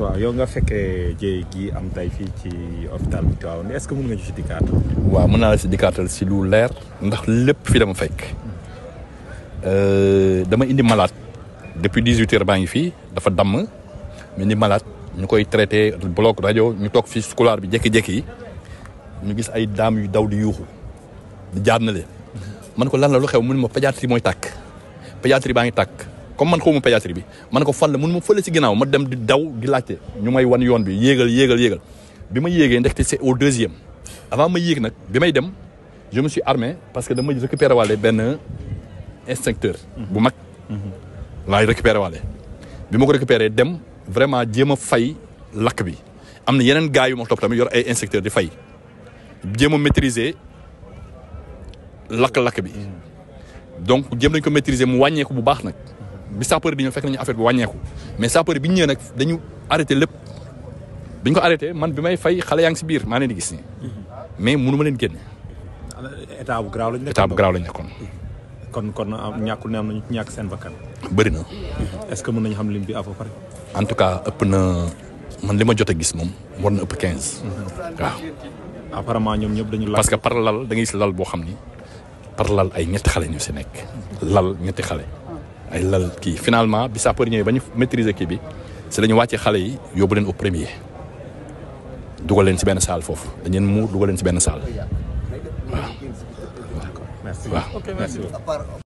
waaw yow nga fekkee jéey gi am tey fii ci hôpital bu Tivaouane est-ce que mën nga ñu si dikkaat. waaw mën naa la si dikkaatal si lu leer ndax lépp fi dama fekk euh, dama indi malade depuis dix huit baa ngi fii dafa damm mu indi malaat ñu koy traité bloc rajo ñu toog fii couloir bi jékki-jékki ñu gis ay daam yu daw di yuuxu di jaar na leen man ko lan la lu xew mun ma pédiatrie mooy tàkk pédiatrie baa ngi tàkk. comme man xawma pédiatrie bi man ko fan la mun ma fële si ginnaaw ma dem di daw di laajte ñu may wan yoon bi yéegal yéegal yéegal bi ma yéegee ndaxte c'est au deuxième avant ma yéeg nag bi may dem je me parce que dama récupéré waale benn instincteur bu mag laay récupéré waale bi ma ko récupéré dem vraiment jéem a fay lakk bi am na yeneen gars yu ma topp tamit yor ay instincteurs di fay jéem a maîtriser lakk-lakk bi mm. donc jéem nañ ko maîtriser mu wàññeeku bu baax nag bi sapeur bi ñëw fekk nañu affaire bi wàññeeku mais sapeur bi ñu ñëwee nag dañu arrêté lépp bi ñu ko arrêté man bi may fay xale yaa ngi si biir maa leen di gis nii mhm. mais munuma leen génne. état bu garaaw lañ nekkoon état bu garaaw lañ nekkoon. kon kon ah, ñàkkul ne am ñàkk seen bakkan. bëri na. est-ce que mën nañu xam lim bi à peu en tout cas ëpp na man li ma jot a gis moom war na ëpp quinze mhm. waaw. ñoom ñëpp dañu. parce que par lal da ngay gis lal boo xam ni par lal ay ñetti xale ñoo si nekk. lal ñetti xale. ay lal kii finalement bi sapeur ñëwee ba ñu maîtriser kii bi si lañu ñu wàccee xale yi yóbbu leen au premier dugal leen si benn salle foofu dañ leen muur dugal si benn salle waaw